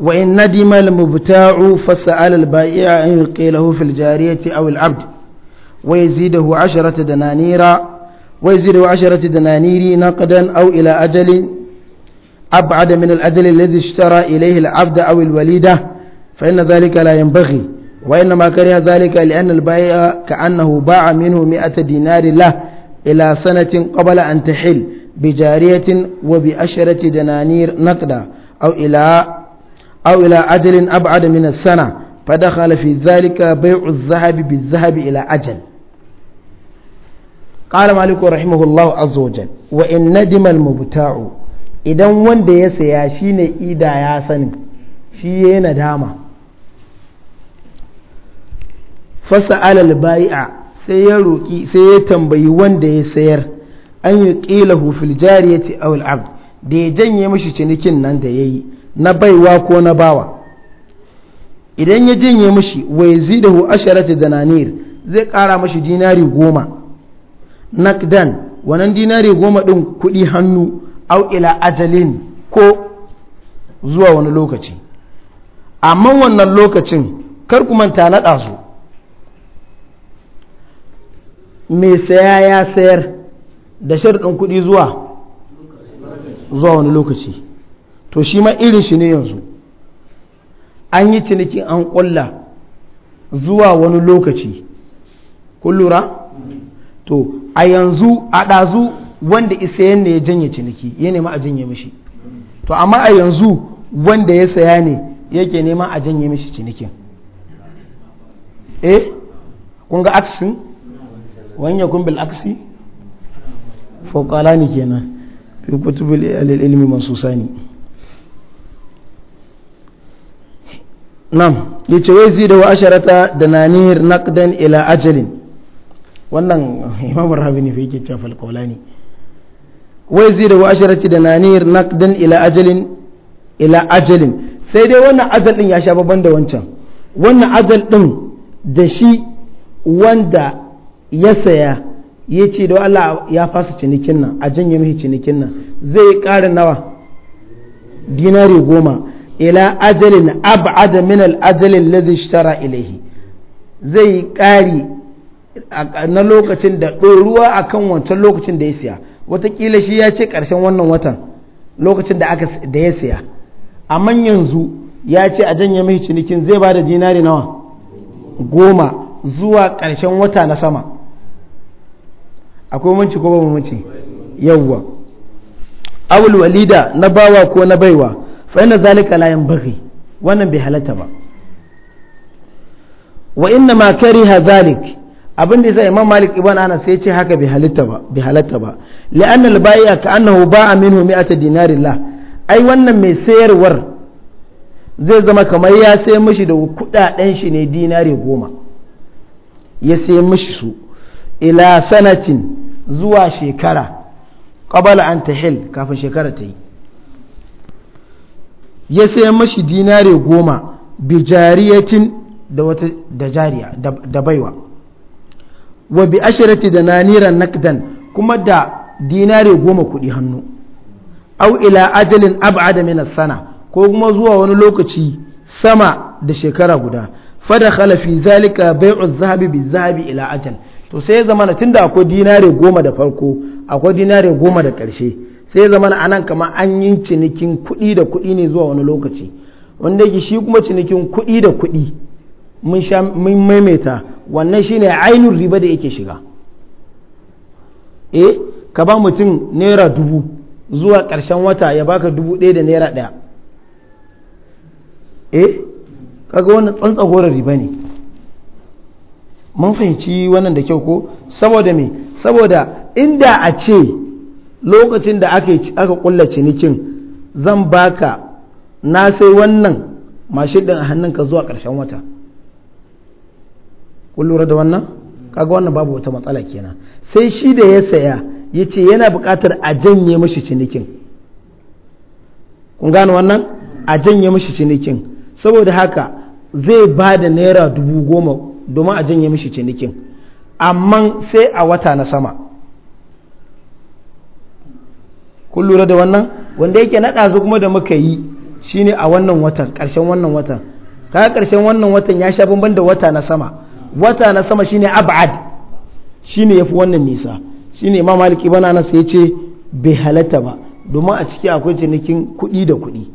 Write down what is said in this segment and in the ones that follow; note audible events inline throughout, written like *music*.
وإن ندم المبتاع فسأل البائع أن يلقي له في الجارية أو العبد ويزيده عشرة دنانير ويزيده عشرة دنانير نقدا أو إلى أجل أبعد من الأجل الذي اشترى إليه العبد أو الوليدة فإن ذلك لا ينبغي وإنما كره ذلك لأن البائع كأنه باع منه مئة دينار له إلى سنة قبل أن تحل بجارية وبأشرة دنانير نقدا أو إلى أو إلى أجل أبعد من السنة فدخل في ذلك بيع الذهب بالذهب إلى أجل قال مالك رحمه الله عز وجل وإن ندم المبتاع إذا وند يسيا شين إيدا يا سن شين داما فسأل البائع سيروكي سيتنبي وند يسير أن يقيله في الجارية أو العبد دي ya مشي چنكين نان دي يي na baiwa ko na bawa idan ya jinye mashi wai zidahu asharati dananir zai kara mashi dinari goma nakdan wannan dinari goma din kudi hannu au ila ajalin ko zuwa wani lokaci amma wannan lokacin kar ku manta na ɗazu mai saya ya sayar da sharɗin kuɗi zuwa zuwa wani lokaci to shi ma irin shi ne yanzu an yi cinikin an ƙulla zuwa wani lokaci kun lura to a yanzu a ɗazu wanda isa yanne ya janye ciniki ya nema a janye mishi to amma a yanzu wanda ya saya ne yake nema a janye mishi cinikin eh kun ga aksin wani kun kumbil aksi ne kenan fi kutubul ilmi masu sani nam yace wai zai da wa'asharata da nanihir naqdan ila ajalin wannan *laughs* imam rabi ne fa yake cewa ne. wai zai da asharati da nanihir naqdan ila ajalin ila ajalin sai dai wannan ajal din ya sha babban da wancan wannan ajal din da shi wanda ya saya ya ce da Allah ya fasa cinikin nan a janye mai cinikin nan zai ƙara nawa dinari goma ila ajalin ab'ad min al-ajalin ladhi ishtara zai ƙari na lokacin da ɗoruwa a kan wancan lokacin da ya siya watakila shi ya ce ƙarshen wannan watan lokacin da ya siya amma yanzu ya ce a janye mai cinikin zai ba da dinari nawa goma zuwa ƙarshen wata na sama akwai manci ko babu manci yawwa awul walida na bawa ko na baiwa fa inna zalika la yanbaghi wannan bai halatta ba wa inna ma kariha zalik abin da yasa imam malik ibn anas sai ce haka bai halitta ba bai halatta ba li'anna al-bai'a ka annahu ba'a minhu dinari ai wannan mai sayarwar zai zama kamar ya sai mishi da kudaden shi ne dinari goma ya sai mishi su ila sanatin zuwa shekara qabala an tahil kafin shekara ta yi ya sayan mashi dinare goma bi jariyatin da wata da jariya da baiwa wa bi ashirati da naniran nakdan kuma da dinare goma kuɗi hannu au ila ajalin ab'ada min sana ko kuma zuwa wani lokaci sama da shekara guda fada khalafi zalika bai'u zahabi bi zahabi ila ajal to sai ya zamana tunda akwai dinare goma da farko akwai dinare goma da ƙarshe sai zama na anan kamar an yi cinikin kuɗi da kuɗi ne zuwa wani lokaci wanda yake shi kuma cinikin kuɗi da kuɗi mun sha mun maimaita wannan shine ainihin riba da yake shiga eh ka ba mutum naira dubu zuwa ƙarshen wata ya baka dubu ɗaya da naira ɗaya eh kaga wannan tsantsagorar riba ne mun fahimci wannan da kyau ko saboda me saboda inda a ce lokacin da aka kulla cinikin zan baka na sai wannan mashin ɗin a hannunka zuwa ƙarshen wata kun da wannan kaga wannan babu wata matsala kenan sai shi da ya saya ya ce yana buƙatar a janye mashi cinikin kun gane wannan a janye mashi cinikin saboda haka zai ba da naira dubu goma domin a janye mashi cinikin amma sai a wata na sama kun lura da wannan wanda yake na ɗazu kuma da muka yi shine a wannan watan ƙarshen wannan watan ka ƙarshen wannan watan ya sha bamban da wata na sama wata na sama shine ab'ad shine yafi wannan nisa shine imam malik ibn anas ya ce bai halatta ba domin a ciki akwai cinikin kuɗi da kuɗi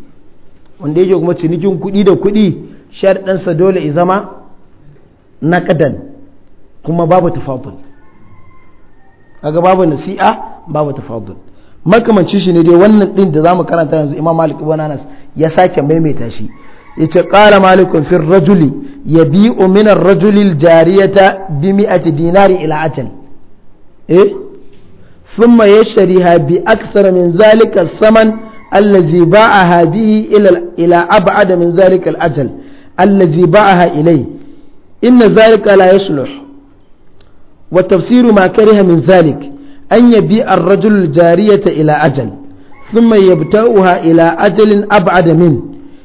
wanda yake kuma cinikin kuɗi da kuɗi shaɗansa dole ya zama kadan kuma babu tafadul kaga babu nasi'a babu tafadul makamanci shi ne dai wannan din da zamu karanta yanzu imam malik ibn anas ya sake maimaita shi yace qala malik fi rajuli yabi'u min ar-rajuli al-jariyata bi mi'ati dinari ila atin eh thumma yashtariha bi akthar min zalika as-saman الذي باعها ila إلى min أبعد من ذلك الأجل الذي باعها إليه zalika ذلك لا wa tafsiru ma kariha min ذلك an yabi ar-rajul jariyata ila ajal thumma yabta'uha ila ajalin ab'ad min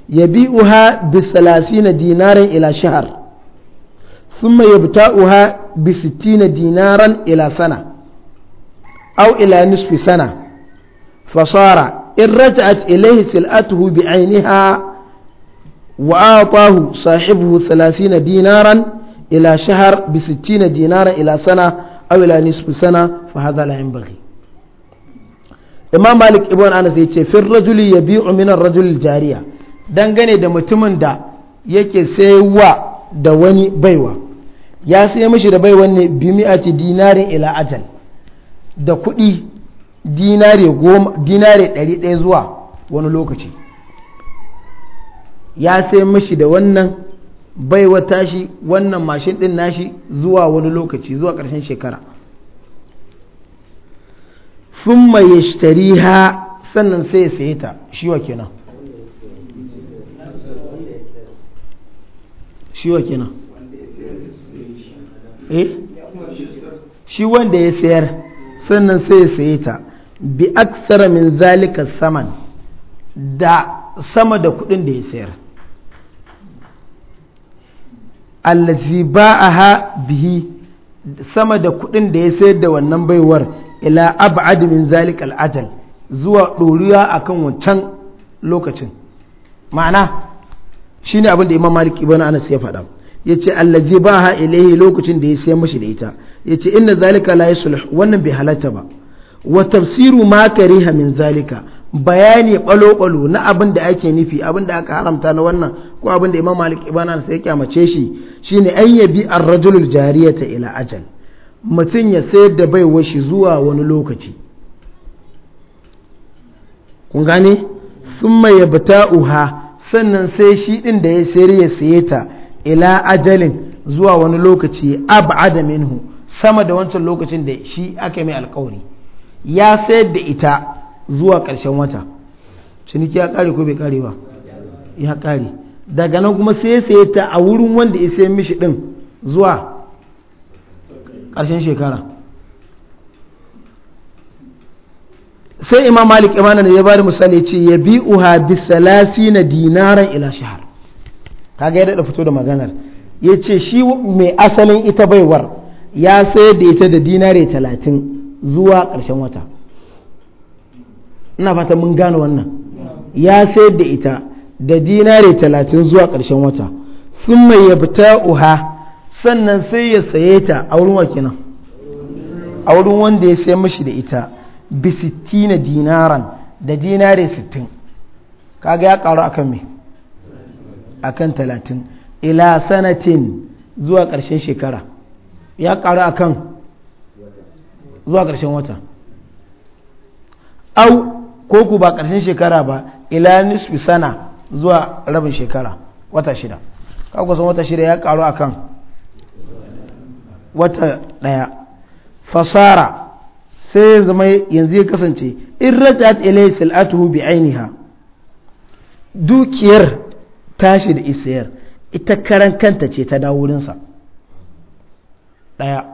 yabi'uha bi 30 dinaran ila shahr thumma yabta'uha bi 60 dinaran ila sana aw ila nisfi sana fasara in raja'at ilayhi sil'atuhu bi'ainiha وأعطاه صاحبه ثلاثين دينارا إلى شهر بستين دينارا إلى سنة aw ila nisfi sana fa hadha la yanbaghi imam malik ibn anas yace fi rajuli yabi'u min ar-rajul jariya dangane da mutumin da yake sayarwa da wani baiwa ya sai mishi da baiwan ne bi mi'ati dinarin ila ajal da kuɗi dinari ɗari ɗaya zuwa wani lokaci ya sai mishi da wannan bai wata wannan mashin din nashi zuwa wani lokaci zuwa ƙarshen shekara sun mai ha sannan sai ya saye ta shiwa kenan shiwa kenan eh shi wanda ya sayar sannan sai ya saye ta bi aksara min zalika saman da sama da kudin da ya sayar allazi ba'aha bihi sama da kuɗin da ya sayar da wannan baiwar ila ab'ad min zalik al'ajal zuwa ɗoriya akan wancan lokacin ma'ana shine abin da imam malik ibn anas ya faɗa yace allazi ba'aha ilaihi lokacin da ya sayar mashi da ita yace inna zalika la yusluh wannan bai halatta ba wa tafsiru ma kariha min zalika bayani balo-balo na abin da ake nufi abin da aka haramta na wannan ko abin da imam malik ibana sai ya kyamace shi shine an yabi an rajulul jariyata ila ajal mutum ya sayar da baiwar shi zuwa wani lokaci kun gane summa uha sannan sai shi ɗin da ya sayar ya saye ta ila ajalin zuwa wani lokaci ab'ada minhu sama da wancan lokacin da shi aka mai alkawari ya sayar da ita zuwa ƙarshen wata ciniki ya ƙare ko bai ƙare ba ya ƙare daga nan kuma sai sai ta a wurin wanda ya sayan mishi ɗin zuwa ƙarshen shekara sai imam malik imana da ya bari misali ce ya bi uha bi salasi na dinaran ila shahar kaga ya daɗa fito da maganar ya ce shi mai asalin ita baiwar ya sayar da ita da dinare talatin zuwa ƙarshen wata ina fata mun gane wannan ya sayar da ita da dinare talatin zuwa ƙarshen wata sun mai yabta uha sannan sai ya saye ta a wurin wakina a wurin wanda ya sayar mashi da ita bi na dinaran da dinare sittin kaga ya karu akan me akan talatin ila sanatin zuwa ƙarshen shekara ya karu akan zuwa ƙarshen wata au ko ku ba ƙarshen shekara ba ila nisfi sana zuwa rabin shekara wata shida kaku kusan wata shida ya karu kan wata ɗaya fasara sai ya zama yanzu ya kasance in rajat ilai sil'atuhu bi ainiha dukiyar tashi da isiyar ita karan kanta ce ta dawo wurinsa ɗaya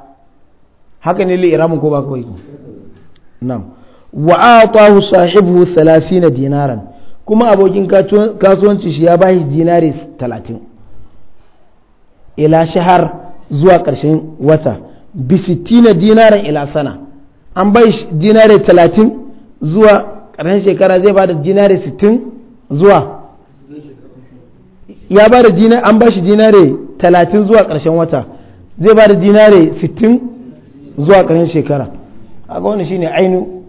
haka ne li ko ba kawai nan wa atahu sahibu 30 dinaran kuma abokin kasuwanci shi ya bashi dinari 30 ila shahar zuwa ƙarshen wata bi 60 dinaran ila sana an bai dinari 30 zuwa ƙarshen shekara zai bada dinari 60 zuwa ya bada dinari an bashi dinari 30 zuwa ƙarshen wata zai bada dinari 60 zuwa ƙarshen shekara a ga wani shine ainu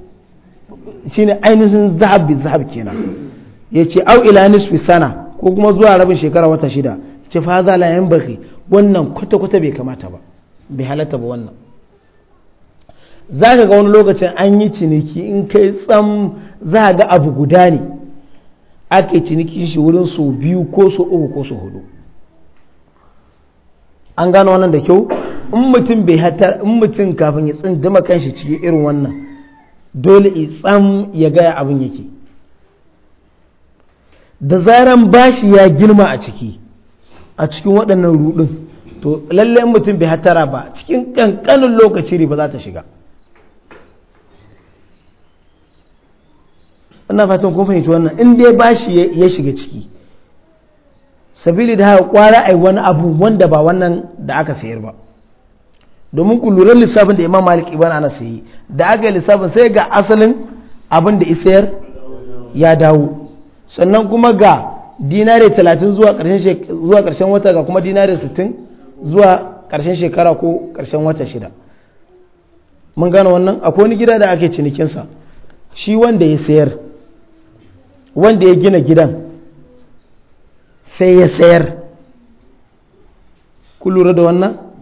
shine ainihin zahabi zahab kenan yace au ila nisfi sana ko kuma zuwa rabin shekara wata shida ce fa za la yan baki wannan kwata kwata bai kamata ba bai halatta ba wannan zaka ga wani lokacin an yi ciniki in kai tsam za ga abu guda ne ake ciniki shi wurin so biyu ko so uku ko so hudu an gano wannan da kyau in mutum bai hata in mutum kafin ya tsindima kanshi ciki irin wannan dole tsam ya gaya abin yake da zaran bashi ya girma a ciki a cikin waɗannan rudin to lalle mutum bai hatara ba cikin kankanin lokaci ne ba za ta shiga ina fatan kun fahimci wannan in dai bashi ya shiga ciki sabili da haka kwara ai wani abu wanda ba wannan da aka sayar ba domin ku lura lissafin da imam malik ibn anas yi da aka yi lissafin sai ga asalin abin da isayar ya dawo sannan kuma ga dinare 30 zuwa karshen zuwa karshen wata ga kuma dinare 60 zuwa karshen shekara ko karshen wata shida mun gano wannan akwai wani gida da ake cinikinsa shi wanda ya sayar wanda ya gina gidan sai ya sayar ku lura da wannan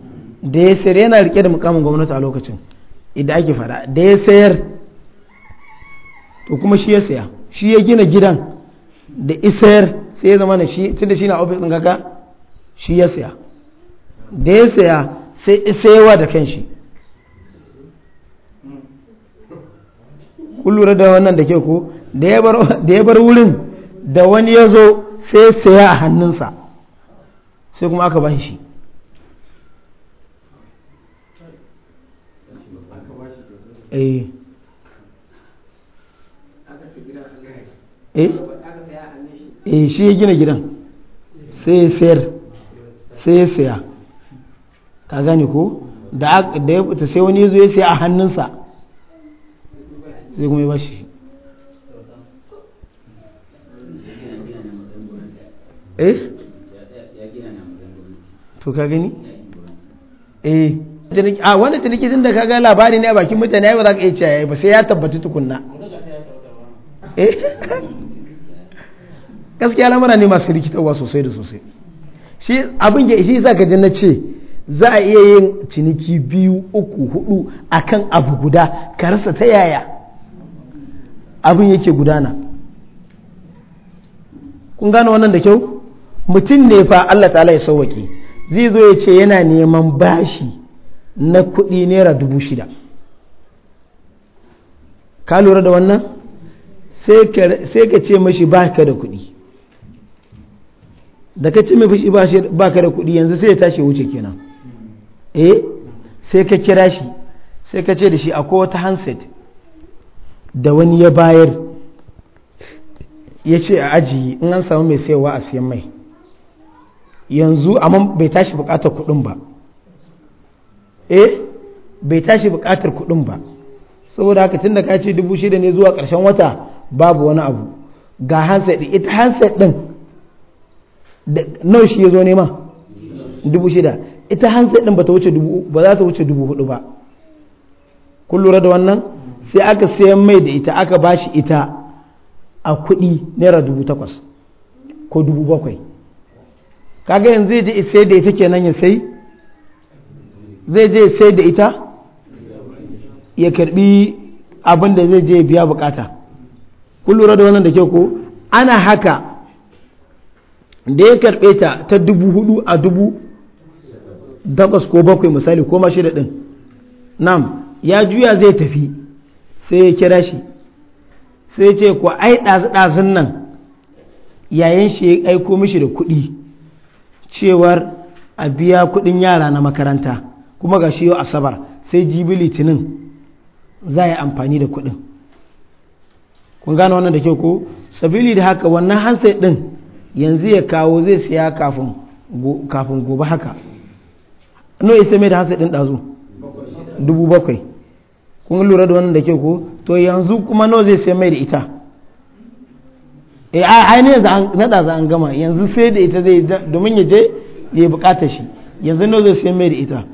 da ya sayar yana rike da mukamin gwamnati a lokacin idan ake fara da ya sayar to kuma shi ya saya shi ya gina gidan da isayar sai ya zama na shi tunda shi na ofis ɗin kaka shi ya saya da ya saya sai isayewa da kanshi. shi kun lura da wannan da ke ku da ya bar wurin da wani ya zo sai saya a hannunsa sai kuma aka ban shi Eh. eh eh shi ya gina gidan sai ya sayar sai ya saya ka gane ko da ya fita sai wani zo ya saya a hannunsa sai kuma ya ba shi eh to ka gani eh a wani ciniki tun da kaga labari ne a bakin mutane ya ba za ka iya cewa ba sai ya tabbaci tukunna eh? gaskiya lamura ne masu rikitarwa sosai da sosai shi abin ya za ka ji na ce za a iya yin ciniki biyu uku hudu kan abu guda ka rasa ta yaya abin yake gudana kun gane wannan da kyau mutum ne fa Allah ta ya sauwake zai zo ya ce yana neman bashi na kuɗi naira dubu shida ka lura da wannan sai ka ce mashi ba ka da kuɗi da ka ce mashi ba ka da kuɗi yanzu sai ya tashi wuce kenan eh sai ka kira shi sai ka ce da shi akwai wata handset da wani ya bayar ya ce a ajiye in an samu mai sayarwa a siyan mai yanzu amma bai tashi bukatar kuɗin ba eh bai tashi bukatar kuɗin ba saboda haka tun da ka ce dubu shida ne zuwa ƙarshen wata babu wani abu ga hansa ɗin ita hansa ɗin nawa shi ya zo nema dubu shida ita hansa ɗin ba wuce dubu ba za ta wuce dubu hudu ba kun lura da wannan sai aka sayan mai da ita aka bashi ita a kuɗi naira dubu takwas ko dubu bakwai kaga yanzu ya je isai da ita kenan ya sai zai je sai da ita ya karbi abin da zai je biya bukata kun lura da wannan da ke ko ana haka da ya karbe ta ta dubu hudu a dubu takwas ko bakwai misali ko mashi da din nam ya juya zai tafi sai ya kira shi sai ya ce ku ai ɗazu-ɗazun nan yayin shi ya aiko mishi da kuɗi cewar a biya kuɗin yara na makaranta kuma ga shi yau asabar sai jibi litinin za yi amfani da kuɗin kun gane wannan da kyau ko sabili da haka wannan hansai ɗin yanzu ya kawo zai siya kafin gobe haka no isa mai da hansai ɗin ɗazu dubu bakwai kun lura da wannan da kyau ko to yanzu kuma no zai sai mai da ita eh, a ne na za an gama yanzu sai da ita zai domin ya je ya bukata shi yanzu no zai sai mai da ita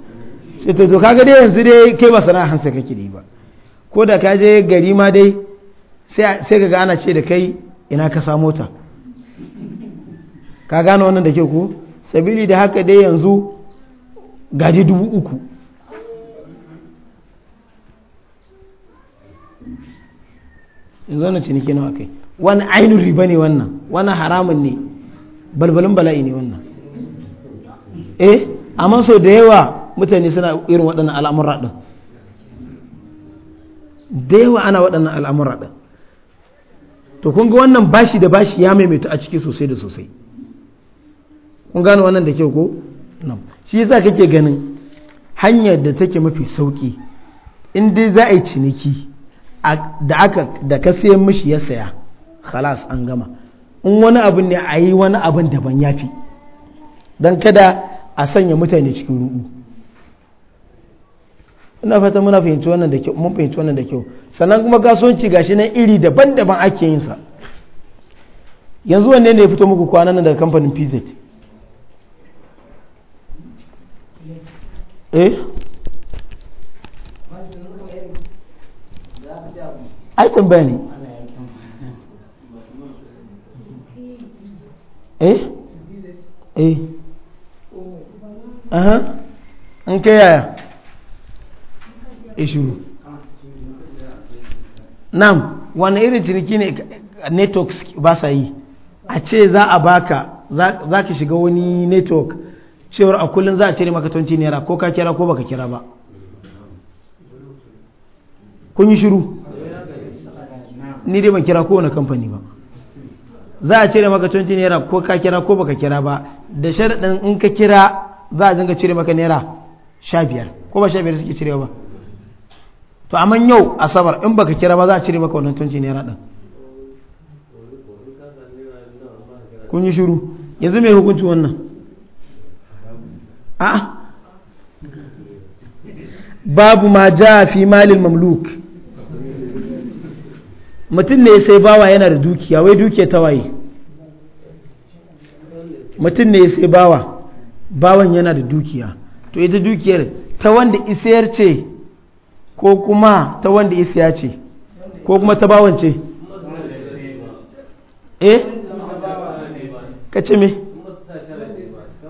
sai ta to kaga dai yanzu dai kai ba sana'a hansa kake da ba ko da ka je gari ma dai sai ka ga ana ce da kai ina ka samo ta ka gane wannan da ke ku sabili da haka dai yanzu gaji dubu uku yanzu wannan ciniki nawa kai wani ainihin riba ne wannan wani haramun ne balbalin bala'i ne wannan eh amma sau da yawa mutane suna irin waɗannan al'amura ɗin da yawa ana waɗannan al'amura ɗin to kun ga wannan bashi da bashi ya maimaita a ciki sosai da sosai kun gano wannan da kyau ko nan shi yasa kake ganin hanyar da take mafi sauki in dai za a yi ciniki da aka da ka sayan mishi ya saya khalas an gama in wani abin ne a yi wani abin daban ya fi don kada a sanya mutane cikin ruɗu ina fata muna fahimci wannan da kyau mun fahimci wannan da kyau sannan kuma kasuwanci gashi nan iri daban-daban ake yin sa yanzu wanne ne ya fito muku kwanan nan daga kamfanin PZ eh ai tambaya ne eh eh aha an kai yaya ishuru eh, nan wani irin ciniki ne network ba sa yi a ce za a baka za ki shiga wani network cewar a kullum za a cire maka 20 naira ko ka kira ko baka kira ba kun yi shiru ni dai ban kira ko wani kamfani ba za a cire maka 20 naira ko ka kira ko baka kira ba da sharaɗin in ka kira za a zanga cire maka naira 15 ko ba 15 suke cirewa ba to amma yau asabar in baka kira ba za a cire maka wannan tunci naira din kun yi shiru yanzu mai hukunci wannan a babu ma ja fi malil mamluk mutum ne sai bawa yana da dukiya wai dukiya ta waye mutum ne sai bawa bawan yana da dukiya to ita dukiyar ta wanda isayar ce ko kuma ta wanda isiya ce ko kuma ta bawance eh ka ce me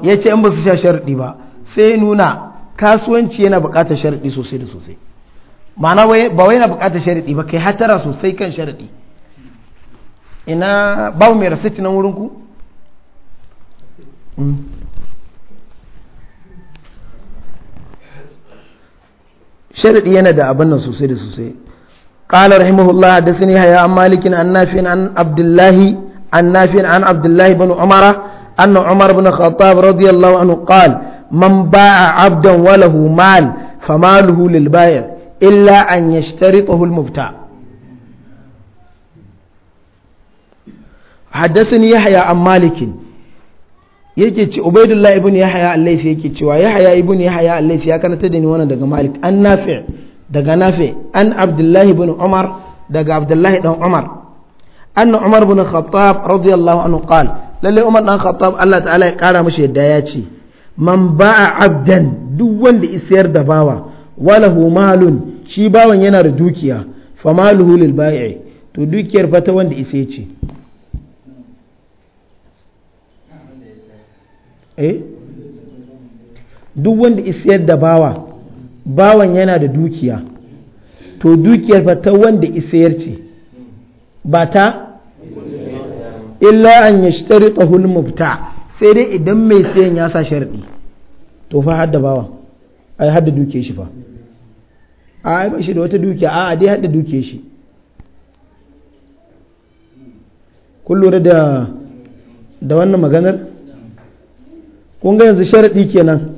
ya ce in ba su sha sharɗi ba sai nuna kasuwanci yana buƙatar sharɗi sosai da sosai ma'ana ba wai yana buƙatar sharɗi ba kai hatara sosai kan sharɗi ina babu mai rasiti nan wurinku? ku hmm. sharadi yana da abin nan sosai da sosai قال رحمه الله حدثني يحيى عن مالك عن نافع عن عبد الله عن نافع عن عبد الله بن عمر أن عمر بن الخطاب رضي الله عنه قال من باع عبدا وله مال فماله للبائع إلا أن يشترطه المبتاع حدثني يحيى عن مالك yake ce ubaidullah ibn yahya al yake cewa yahya ibn yahya al ya karanta da ni wannan daga malik an nafi daga nafi an abdullahi ibn umar daga abdullahi dan umar an umar ibn khattab radiyallahu anhu qala lalle umar dan khattab Allah ta'ala ya kara mishi yadda ya ce man ba'a abdan duk wanda isayar da bawa walahu malun shi bawan yana da dukiya fa lil bai'i to dukiyar fa ta wanda isa ce eh duk wanda isiyar da bawa bawan yana da dukiya to dukiyar fa ta wanda isiyar ce ba ta illa an yashtari tahul mubta sai dai idan mai sayan ya sa sharaɗi to fa hada bawa yi hada dukiyar shi fa a yi ba shi da wata dukiya a dai hada dukiyar shi kun lura da wannan maganar kun ga yanzu sharaɗi kenan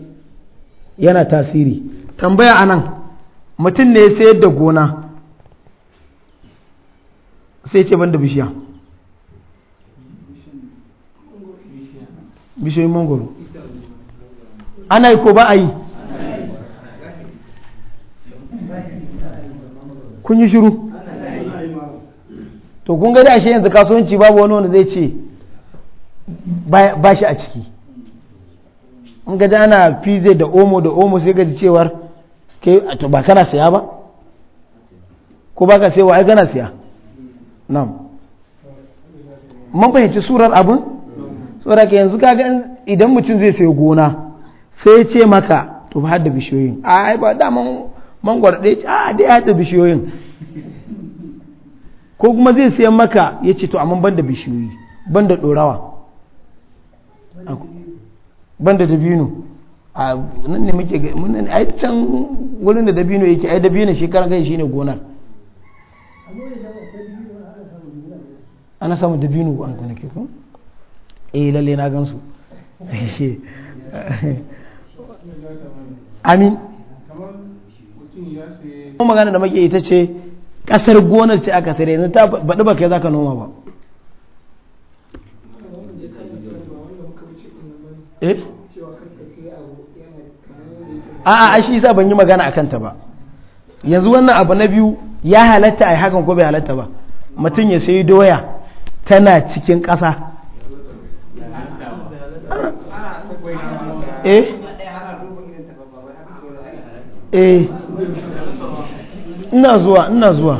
yana tasiri tambaya anan mutum ne sayar da gona sai ce ban da bishiya bishiyoyin mangoro ana yi ko ba a yi kun yi shiru to kun gada ashe yanzu kasuwanci babu wani wanda zai ce ba shi a ciki in ga dana fize da omo da omo sai gaji cewar ke ba kana siya ba ko ba ka wa ai kana siya nam man fahimci surar abin tsora ka yanzu kaga idan mutum zai sayi gona sai ya ce maka to ba da bishiyoyin a ai ba daman mangwar ɗaya ce a dai ya da bishiyoyin ko kuma zai sayan maka yace to amma ban da bishiyoyi ban da dorawa. banda dabino a nan ne muke mun ai can wurin da dabino yake ai dabino shi karan kai shine gonar ana samu dabino an gona ke ko eh lalle na gansu *laughs* amin kuma magana da muke ita ce kasar gonar ce aka sare yanzu ta bada ba kai zaka noma ba a eh? a'a a shi yasa ban yi magana a kanta ba yanzu wannan abu na biyu ya halatta a hakan ko bai halatta ba mutum ya sayi doya tana cikin ƙasa eh? Eh. ina zuwa ina zuwa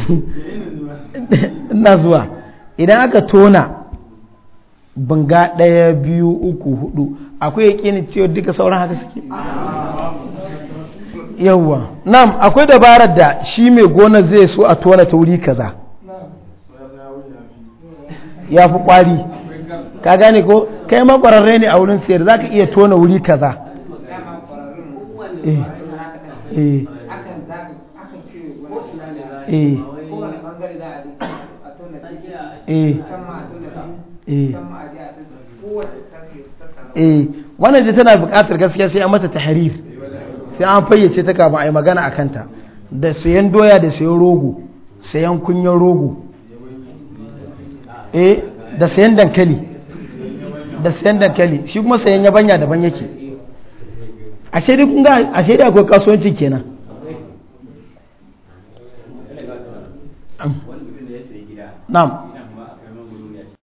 *laughs* ina zuwa idan aka tona banga ɗaya biyu uku hudu akwai ni cewa duka sauran haka suke yawwa nam akwai dabarar da shi mai gona zai so a tona ta wuri kaza ya fi kwari ka gane ko kai ma ne a wurin sayar za ka iya tona wuri kaza eh eh eh eh, eh. eh wannan da tana buƙatar gaskiya sai an mata tahrir sai an fayyace ta kafin ai magana a kanta da sayan doya da sayan rogo sayan kunyan rogo eh da sayan dankali da sayan dankali shi kuma sayan yabanya daban yake ashe dai kun ga ashe dai akwai kasuwanci kenan na'am